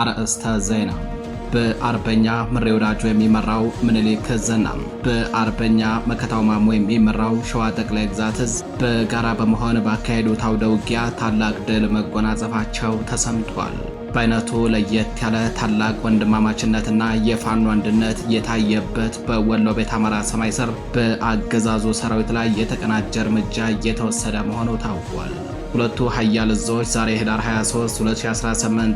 አርዕስተ ዜና በአርበኛ ምሬ ወዳጆ የሚመራው ምኒልክ ዝና በአርበኛ መከታው ማሞ የሚመራው ሸዋ ጠቅላይ ግዛት እዝ በጋራ በመሆን ባካሄዱት አውደ ውጊያ ታላቅ ድል መጎናጸፋቸው ተሰምቷል። በአይነቱ ለየት ያለ ታላቅ ወንድማማችነትና የፋኖ አንድነት የታየበት በወሎ ቤት አማራ ሰማይ ስር በአገዛዙ ሰራዊት ላይ የተቀናጀ እርምጃ እየተወሰደ መሆኑ ታውቋል። ሁለቱ ሀያል እዞች ዛሬ ህዳር 23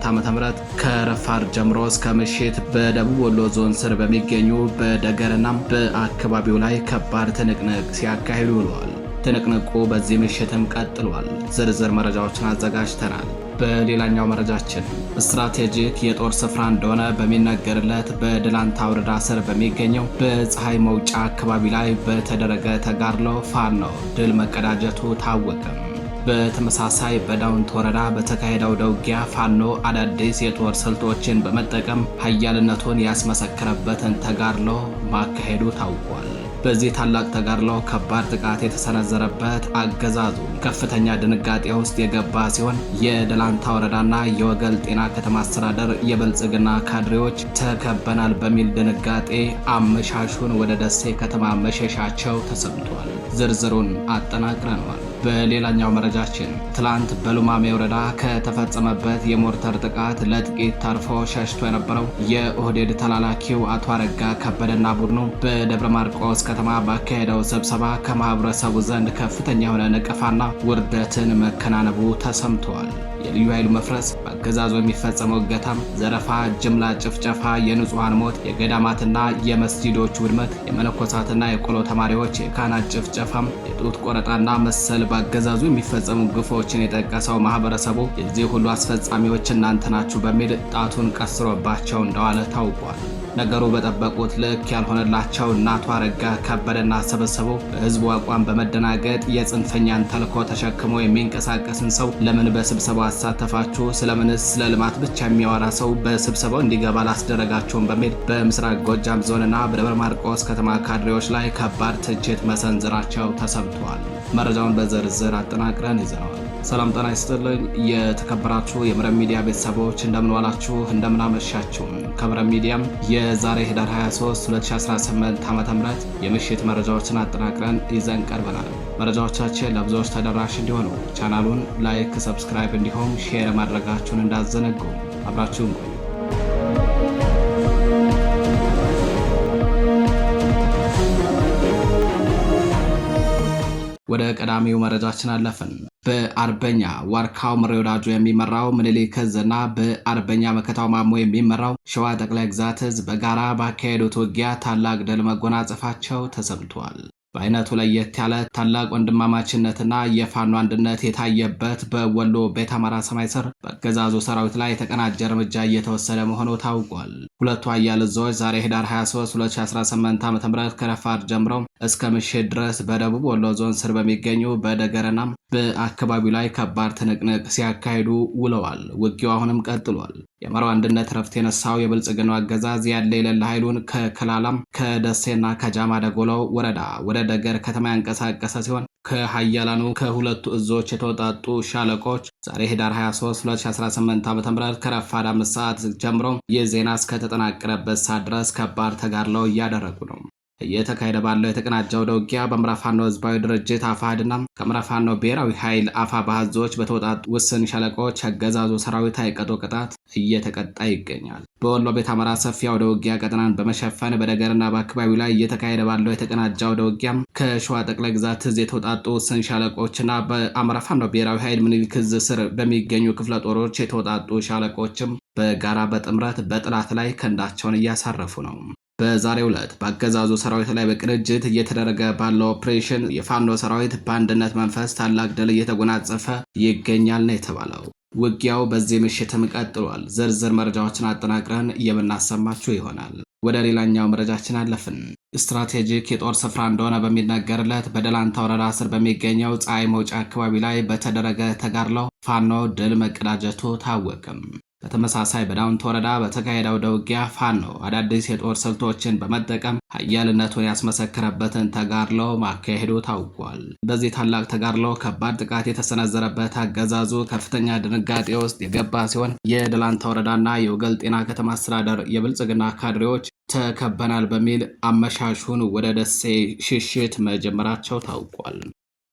2018 ዓ.ም ከረፋር ጀምሮ እስከ ምሽት በደቡብ ወሎ ዞን ስር በሚገኙ በደገርና በአካባቢው ላይ ከባድ ትንቅንቅ ሲያካሂዱ ውለዋል። ትንቅንቁ በዚህ ምሽትም ቀጥሏል። ዝርዝር መረጃዎችን አዘጋጅተናል። በሌላኛው መረጃችን ስትራቴጂክ የጦር ስፍራ እንደሆነ በሚነገርለት በድላንታ ወረዳ ስር በሚገኘው በፀሐይ መውጫ አካባቢ ላይ በተደረገ ተጋድሎ ፋኖ ድል መቀዳጀቱ ታወቀም። በተመሳሳይ በዳውንት ወረዳ በተካሄደው ደውጊያ ፋኖ አዳዲስ የጦር ስልቶችን በመጠቀም ኃያልነቱን ያስመሰከረበትን ተጋድሎ ማካሄዱ ታውቋል። በዚህ ታላቅ ተጋድሎ ከባድ ጥቃት የተሰነዘረበት አገዛዙ ከፍተኛ ድንጋጤ ውስጥ የገባ ሲሆን የደላንታ ወረዳና የወገል ጤና ከተማ አስተዳደር የብልጽግና ካድሬዎች ተከበናል በሚል ድንጋጤ አመሻሹን ወደ ደሴ ከተማ መሸሻቸው ተሰምቷል። ዝርዝሩን አጠናቅረነዋል። በሌላኛው መረጃችን ትላንት በሉማሜ ወረዳ ከተፈጸመበት የሞርተር ጥቃት ለጥቂት ተርፎ ሸሽቶ የነበረው የኦህዴድ ተላላኪው አቶ አረጋ ከበደና ቡድኑ በደብረ ማርቆስ ከተማ ባካሄደው ስብሰባ ከማህበረሰቡ ዘንድ ከፍተኛ የሆነ ነቀፋና ውርደትን መከናነቡ ተሰምተዋል። የልዩ ኃይሉ መፍረስ፣ በአገዛዙ የሚፈጸመው እገታም፣ ዘረፋ፣ ጅምላ ጭፍጨፋ፣ የንጹሐን ሞት፣ የገዳማትና የመስጂዶች ውድመት፣ የመነኮሳትና የቆሎ ተማሪዎች የካህናት ጭፍጨፋም፣ የጡት ቆረጣና መሰል በአገዛዙ የሚፈጸሙ ግፎችን የጠቀሰው ማህበረሰቡ የዚህ ሁሉ አስፈጻሚዎች እናንተ ናችሁ በሚል ጣቱን ቀስሮባቸው እንደዋለ ታውቋል። ነገሩ በጠበቁት ልክ ያልሆነላቸው እናቱ አረጋ ከበደና ሰበሰበው በህዝቡ አቋም በመደናገጥ የጽንፈኛን ተልኮ ተሸክሞ የሚንቀሳቀስን ሰው ለምን በስብሰባው አሳተፋችሁ? ስለምንስ ስለ ልማት ብቻ የሚያወራ ሰው በስብሰባው እንዲገባ ላስደረጋችሁም? በሚል በምስራቅ ጎጃም ዞንና በደብረ ማርቆስ ከተማ ካድሬዎች ላይ ከባድ ትችት መሰንዝራቸው ተሰምተዋል። መረጃውን በዝርዝር አጠናቅረን ይዘነዋል። ሰላም ጠና ይስጥልኝ። የተከበራችሁ የምረብ ሚዲያ ቤተሰቦች እንደምንዋላችሁ፣ እንደምናመሻችሁ። ከምረብ ሚዲያም የዛሬ ህዳር 23 2018 ዓ.ም የምሽት መረጃዎችን አጠናቅረን ይዘን ቀርበናል። መረጃዎቻችን ለብዙዎች ተደራሽ እንዲሆኑ ቻናሉን ላይክ፣ ሰብስክራይብ እንዲሁም ሼር ማድረጋችሁን እንዳዘነጉ አብራችሁን ወደ ቀዳሚው መረጃችን አለፍን። በአርበኛ ዋርካው ምሬ ወዳጁ የሚመራው ምኒልክ ዕዝ እና በአርበኛ መከታው ማሞ የሚመራው ሸዋ ጠቅላይ ግዛት ዕዝ በጋራ ባካሄዱት ውጊያ ታላቅ ድል መጎናጸፋቸው ተሰምቷል። በአይነቱ ለየት ያለ ታላቅ ወንድማማችነትና የፋኖ አንድነት የታየበት በወሎ ቤተ አማራ ሰማይ ስር በገዛዙ ሰራዊት ላይ የተቀናጀ እርምጃ እየተወሰደ መሆኑ ታውቋል። ሁለቱ አያል እዞች ዛሬ ህዳር 23 2018 ዓ ም ከረፋድ ጀምሮ እስከ ምሽት ድረስ በደቡብ ወሎ ዞን ስር በሚገኙ በደገረና በአካባቢው ላይ ከባድ ትንቅንቅ ሲያካሂዱ ውለዋል። ውጊው አሁንም ቀጥሏል። የመራው አንድነት ረፍት የነሳው የብልጽግናው አገዛዝ ያለ የሌለ ኃይሉን ከክላላም ከደሴና ከጃማ ደጎሎ ወረዳ ወደ ደገር ከተማ ያንቀሳቀሰ ሲሆን ከሀያላኑ ከሁለቱ እዞች የተወጣጡ ሻለቆች ዛሬ ህዳር 23 2018 ዓ ም ከረፋድ አምስት ሰዓት ጀምሮ የዜና እስከተጠናቀረበት ሰዓት ድረስ ከባድ ተጋድለው እያደረጉ ነው። እየተካሄደ ባለው የተቀናጀ አውደ ውጊያ በምዕራብ ህዝባዊ ድርጅት አፋህድና ከምራፋኖ ብሔራዊ ኃይል አፋ ባህዞች በተወጣጡ ውስን ሸለቆዎች አገዛዙ ሰራዊት አይቀጦ ቅጣት እየተቀጣ ይገኛል። በወሎ ቤት አማራ ሰፊ አውደ ውጊያ ቀጠናን በመሸፈን በደገርና በአካባቢው ላይ እየተካሄደ ባለው የተቀናጀ አውደ ውጊያ ከሸዋ ጠቅላይ ግዛት እዝ የተወጣጡ ውስን ሻለቆችና በአማራ ፋኖ ብሔራዊ ኃይል ምኒልክ እዝ ስር በሚገኙ ክፍለ ጦሮች የተወጣጡ ሻለቆችም በጋራ በጥምረት በጥላት ላይ ክንዳቸውን እያሳረፉ ነው። በዛሬው ዕለት በአገዛዙ ሰራዊት ላይ በቅንጅት እየተደረገ ባለው ኦፕሬሽን የፋኖ ሰራዊት በአንድነት መንፈስ ታላቅ ድል እየተጎናጸፈ ይገኛል ነው የተባለው። ውጊያው በዚህ ምሽትም ቀጥሏል። ዝርዝር መረጃዎችን አጠናቅረን የምናሰማችሁ ይሆናል። ወደ ሌላኛው መረጃችን አለፍን። ስትራቴጂክ የጦር ስፍራ እንደሆነ በሚነገርለት በደላንታ ወረዳ ስር በሚገኘው ፀሐይ መውጫ አካባቢ ላይ በተደረገ ተጋድሎ ፋኖ ድል መቀዳጀቱ ታወቅም። በተመሳሳይ በዳውንት ወረዳ በተካሄደው ደውጊያ ፋኖ አዳዲስ የጦር ስልቶችን በመጠቀም ኃያልነቱን ያስመሰከረበትን ተጋድሎ ማካሄዱ ታውቋል። በዚህ ታላቅ ተጋድሎ ከባድ ጥቃት የተሰነዘረበት አገዛዙ ከፍተኛ ድንጋጤ ውስጥ የገባ ሲሆን የደላንታ ወረዳና የወገል ጤና ከተማ አስተዳደር የብልጽግና ካድሬዎች ተከበናል በሚል አመሻሹን ወደ ደሴ ሽሽት መጀመራቸው ታውቋል።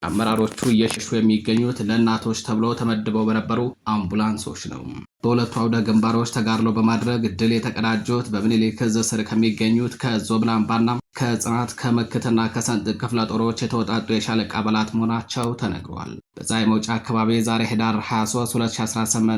አመራሮቹ እየሸሹ የሚገኙት ለእናቶች ተብለው ተመድበው በነበሩ አምቡላንሶች ነው። በሁለቱ አውደ ግንባሮች ተጋድሎ በማድረግ ድል የተቀዳጁት በምኒልክ እዝ ስር ከሚገኙት ከዞብላምባና ከጽናት ከምክትና ከሰንጥቅ ክፍለ ጦሮች የተወጣጡ የሻለቃ አባላት መሆናቸው ተነግሯል። በፀሐይ መውጫ አካባቢ ዛሬ ህዳር 23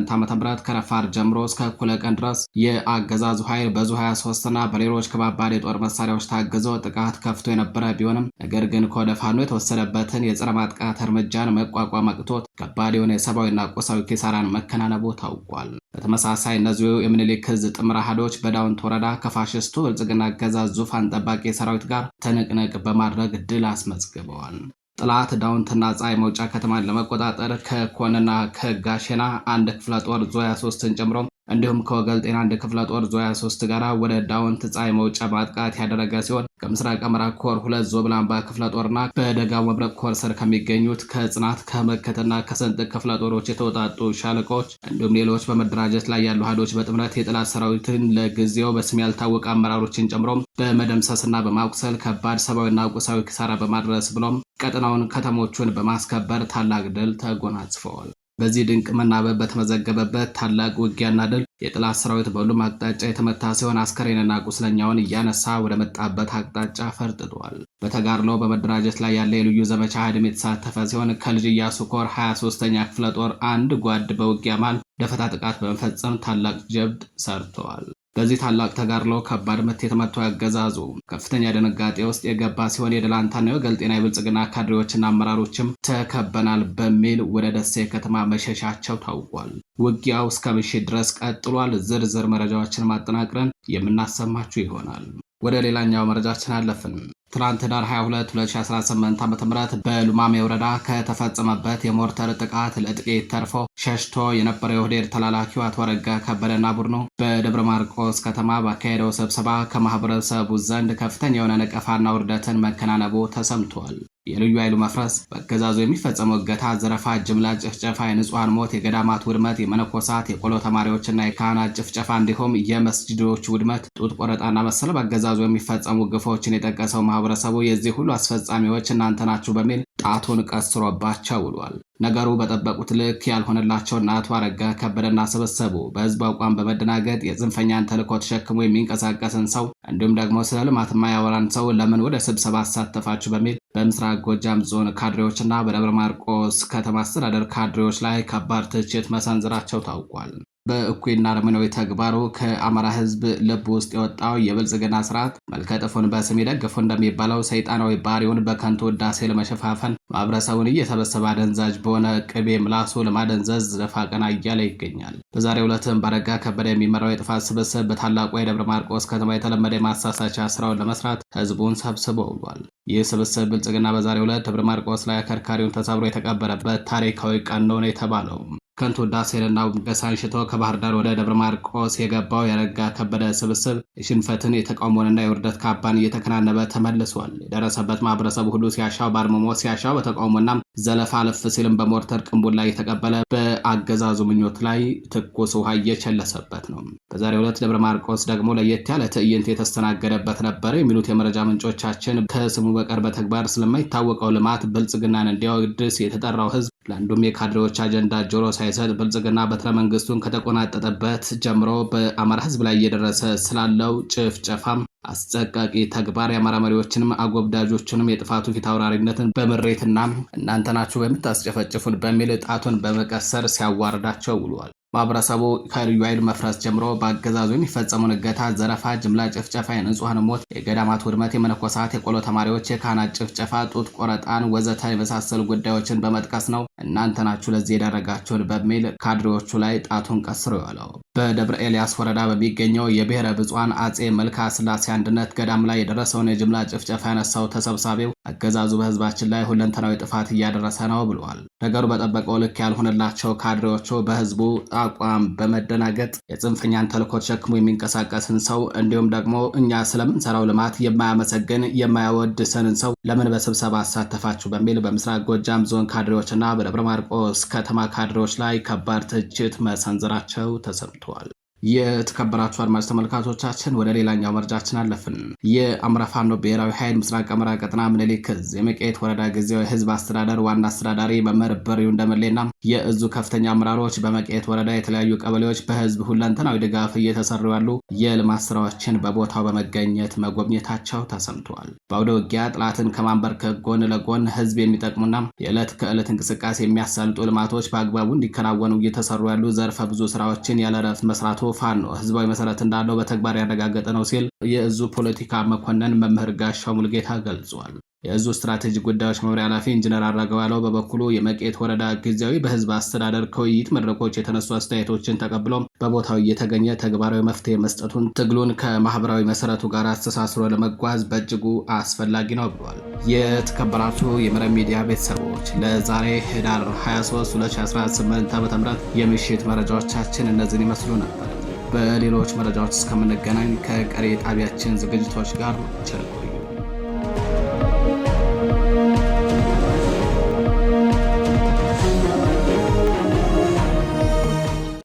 2018 ዓ ም ጀምሮ እስከ እኩለ ቀን ድረስ የአገዛዙ ኃይል በዙ 23ና በሌሎች ከባባድ የጦር መሳሪያዎች ታግዞ ጥቃት ከፍቶ የነበረ ቢሆንም ነገር ግን ከወደ ፋኖ የተወሰደበትን የጸረ ማጥቃት እርምጃን መቋቋም አቅቶት ከባድ የሆነ የሰብአዊና ቁሳዊ ኪሳራን መከናነቡ ታውቋል። በተመሳሳይ እነዚሁ የምኒልክ ዕዝ ጥምር ሀዶች በዳውንት ወረዳ ከፋሽስቱ ብልጽግና አገዛዝ ዙፋን ጠባቂ ሰራዊት ጋር ትንቅንቅ በማድረግ ድል አስመዝግበዋል። ጥላት ዳውንትና ፀሐይ መውጫ ከተማን ለመቆጣጠር ከኮንና ከጋሼና አንድ ክፍለ ጦር ዞያ ሶስትን ጨምሮ እንዲሁም ከወገል ጤና አንድ ክፍለ ጦር ዞ ሶስት ጋር ወደ ዳውንት ፀሐይ መውጫ ማጥቃት ያደረገ ሲሆን ከምስራቅ አማራ ኮር ሁለት ዞብላምባ ክፍለ ጦርና በደጋው መብረቅ ኮር ስር ከሚገኙት ከጽናት ከመከትና ከሰንጥቅ ክፍለ ጦሮች የተወጣጡ ሻለቆች እንዲሁም ሌሎች በመደራጀት ላይ ያሉ ሀዶች በጥምረት የጠላት ሰራዊትን ለጊዜው በስም ያልታወቀ አመራሮችን ጨምሮ በመደምሰስና በማቁሰል ከባድ ሰብአዊና ቁሳዊ ኪሳራ በማድረስ ብሎም ቀጠናውን ከተሞቹን በማስከበር ታላቅ ድል ተጎናጽፈዋል። በዚህ ድንቅ መናበብ በተመዘገበበት ታላቅ ውጊያና ድል የጠላት ሰራዊት በሁሉም አቅጣጫ የተመታ ሲሆን አስከሬንና ቁስለኛውን እያነሳ ወደ መጣበት አቅጣጫ ፈርጥጧል። በተጋድሎ በመደራጀት ላይ ያለ የልዩ ዘመቻ ሀድም የተሳተፈ ሲሆን ከልጅ ኢያሱ ኮር 23ኛ ክፍለ ጦር አንድ ጓድ በውጊያ መሃል ደፈጣ ጥቃት በመፈጸም ታላቅ ጀብድ ሰርተዋል። በዚህ ታላቅ ተጋድሎ ከባድ ምት የተመታው አገዛዙ ከፍተኛ ድንጋጤ ውስጥ የገባ ሲሆን የደላንታ ነው ጤና የብልጽግና ካድሬዎችና አመራሮችም ተከበናል በሚል ወደ ደሴ ከተማ መሸሻቸው ታውቋል። ውጊያው እስከ ምሽት ድረስ ቀጥሏል። ዝርዝር መረጃዎችን ማጠናቅረን የምናሰማችሁ ይሆናል። ወደ ሌላኛው መረጃችን አለፍን። ትናንት ህዳር 22 2018 ዓ.ም በሉማሜ ወረዳ ከተፈጸመበት የሞርተር ጥቃት ለጥቂት ተርፎ ሸሽቶ የነበረው የኦህዴድ ተላላኪው አቶ አረጋ ከበደና ቡድኑ በደብረ ማርቆስ ከተማ ባካሄደው ስብሰባ ከማህበረሰቡ ዘንድ ከፍተኛ የሆነ ነቀፋና ውርደትን መከናነቡ ተሰምቷል። የልዩ ኃይሉ መፍረስ፣ በገዛዙ የሚፈጸመው እገታ፣ ዘረፋ፣ ጅምላ ጭፍጨፋ፣ የንጹሐን ሞት፣ የገዳማት ውድመት፣ የመነኮሳት የቆሎ ተማሪዎችና የካህናት ጭፍጨፋ እንዲሁም የመስጅዶች ውድመት፣ ጡት ቆረጣና መሰል በአገዛዙ የሚፈጸሙ ግፎችን የጠቀሰው ማህበረሰቡ የዚህ ሁሉ አስፈጻሚዎች እናንተ ናችሁ በሚል ጣቱን ቀስሮባቸው ውሏል። ነገሩ በጠበቁት ልክ ያልሆነላቸውና አቶ አረጋ ከበደና ስብስቡ በህዝብ አቋም በመደናገጥ የጽንፈኛን ተልዕኮ ተሸክሞ የሚንቀሳቀስን ሰው እንዲሁም ደግሞ ስለ ልማት የማያወራን ሰው ለምን ወደ ስብሰባ አሳተፋችሁ በሚል በምስራቅ ጎጃም ዞን ካድሬዎችና በደብረ ማርቆስ ከተማ አስተዳደር ካድሬዎች ላይ ከባድ ትችት መሰንዝራቸው ታውቋል። በእኩይና አረመናዊ ተግባሩ ከአማራ ህዝብ ልብ ውስጥ የወጣው የብልጽግና ስርዓት መልከ ጥፉን በስም የደገፉ እንደሚባለው ሰይጣናዊ ባህሪውን በከንቱ ውዳሴ ለመሸፋፈን ማህበረሰቡን እየሰበሰበ አደንዛዥ በሆነ ቅቤ ምላሱ ለማደንዘዝ ዘፋ ቀና እያለ ይገኛል። በዛሬው ዕለትም በረጋ ከበደ የሚመራው የጥፋት ስብስብ በታላቁ የደብረ ማርቆስ ከተማ የተለመደ የማሳሳቻ ስራውን ለመስራት ህዝቡን ሰብስቦ ውሏል። ይህ ስብስብ ብልጽግና በዛሬው ዕለት ደብረ ማርቆስ ላይ አከርካሪውን ተሰብሮ የተቀበረበት ታሪካዊ ቀን ነው የተባለው ከንቱ ውዳሴንና ሙገሳን ሽቶ ከባህር ዳር ወደ ደብረ ማርቆስ የገባው ያረጋ ከበደ ስብስብ የሽንፈትን የተቃውሞንና የውርደት ካባን እየተከናነበ ተመልሷል። የደረሰበት ማህበረሰቡ ሁሉ ሲያሻው በአርምሞ ሲያሻው በተቃውሞና ዘለፋ አለፍ ሲልም በሞርተር ቅንቡን ላይ የተቀበለ በአገዛዙ ምኞት ላይ ትኩስ ውሃ እየቸለሰበት ነው። በዛሬው ዕለት ደብረ ማርቆስ ደግሞ ለየት ያለ ትዕይንት የተስተናገደበት ነበር የሚሉት የመረጃ ምንጮቻችን ከስሙ በቀር በተግባር ስለማይታወቀው ልማት ብልጽግናን እንዲያወድስ የተጠራው ህዝብ ለአንዱም የካድሬዎች አጀንዳ ጆሮ ሳይሰጥ ብልጽግና በትረ መንግስቱን ከተቆናጠጠበት ጀምሮ በአማራ ህዝብ ላይ እየደረሰ ስላለው ጭፍጨፋም አስጸቃቂ ተግባር የአማራ መሪዎችንም አጎብዳጆቹንም የጥፋቱ ፊት አውራሪነትን በምሬትና እናንተ ናችሁ በምታስጨፈጭፉን በሚል ጣቱን በመቀሰር ሲያዋርዳቸው ውሏል። ማህበረሰቡ ከልዩ ኃይል መፍረስ ጀምሮ በአገዛዙ የሚፈጸሙን እገታ፣ ዘረፋ፣ ጅምላ ጭፍጨፋ፣ የንጹሐን ሞት፣ የገዳማት ውድመት፣ የመነኮሳት የቆሎ ተማሪዎች፣ የካህናት ጭፍጨፋ፣ ጡት ቆረጣን ወዘተ የመሳሰሉ ጉዳዮችን በመጥቀስ ነው እናንተ ናችሁ ለዚህ የደረጋችሁን በሚል ካድሬዎቹ ላይ ጣቱን ቀስሮ የዋለው። በደብረ ኤልያስ ወረዳ በሚገኘው የብሔረ ብፁዓን አጼ መልካ ስላሴ አንድነት ገዳም ላይ የደረሰውን የጅምላ ጭፍጨፋ ያነሳው ተሰብሳቢው አገዛዙ በህዝባችን ላይ ሁለንተናዊ ጥፋት እያደረሰ ነው ብለዋል። ነገሩ በጠበቀው ልክ ያልሆነላቸው ካድሬዎቹ በህዝቡ አቋም በመደናገጥ የጽንፈኛን ተልኮ ተሸክሞ የሚንቀሳቀስን ሰው እንዲሁም ደግሞ እኛ ስለምንሰራው ልማት የማያመሰግን የማያወድሰንን ሰው ለምን በስብሰባ አሳተፋችሁ በሚል በምስራቅ ጎጃም ዞን ካድሬዎችና በደብረ ማርቆስ ከተማ ካድሬዎች ላይ ከባድ ትችት መሰንዘራቸው ተሰምቷል። ተገኝተዋል። የተከበራችሁ አድማጭ ተመልካቾቻችን ወደ ሌላኛው መረጃችን አለፍን። የአማራ ፋኖ ብሔራዊ ኃይል ምስራቅ አማራ ቀጠና ምኒልክ ዕዝ የመቄት ወረዳ ጊዜያዊ ህዝብ አስተዳደር ዋና አስተዳዳሪ መምህር በሪው እንደመሌና የእዙ ከፍተኛ አመራሮች በመቀየት ወረዳ የተለያዩ ቀበሌዎች በህዝብ ሁለንተናዊ ድጋፍ እየተሰሩ ያሉ የልማት ስራዎችን በቦታው በመገኘት መጎብኘታቸው ተሰምተዋል። በአውደ ውጊያ ጥላትን ከማንበርከክ ጎን ለጎን ህዝብ የሚጠቅሙና የዕለት ከዕለት እንቅስቃሴ የሚያሳልጡ ልማቶች በአግባቡ እንዲከናወኑ እየተሰሩ ያሉ ዘርፈ ብዙ ስራዎችን ያለ መስራቱ ፋኖ ህዝባዊ መሰረት እንዳለው በተግባር ያረጋገጠ ነው ሲል የእዙ ፖለቲካ መኮንን መምህር ጋሻው ሙልጌታ ገልጿል። የእዙ ስትራቴጂ ጉዳዮች መምሪያ ኃላፊ ኢንጂነር አራገው ያለው በበኩሉ የመቄት ወረዳ ጊዜያዊ በህዝብ አስተዳደር ከውይይት መድረኮች የተነሱ አስተያየቶችን ተቀብሎ በቦታው እየተገኘ ተግባራዊ መፍትሄ መስጠቱን ትግሉን ከማህበራዊ መሰረቱ ጋር አስተሳስሮ ለመጓዝ በእጅጉ አስፈላጊ ነው ብሏል። የተከበራችሁ የመረብ ሚዲያ ቤተሰቦች ለዛሬ ህዳር 23 2018 ዓ ም የምሽት መረጃዎቻችን እነዚህን ይመስሉ ነበር። በሌሎች መረጃዎች እስከምንገናኝ ከቀሪ ጣቢያችን ዝግጅቶች ጋር ቸር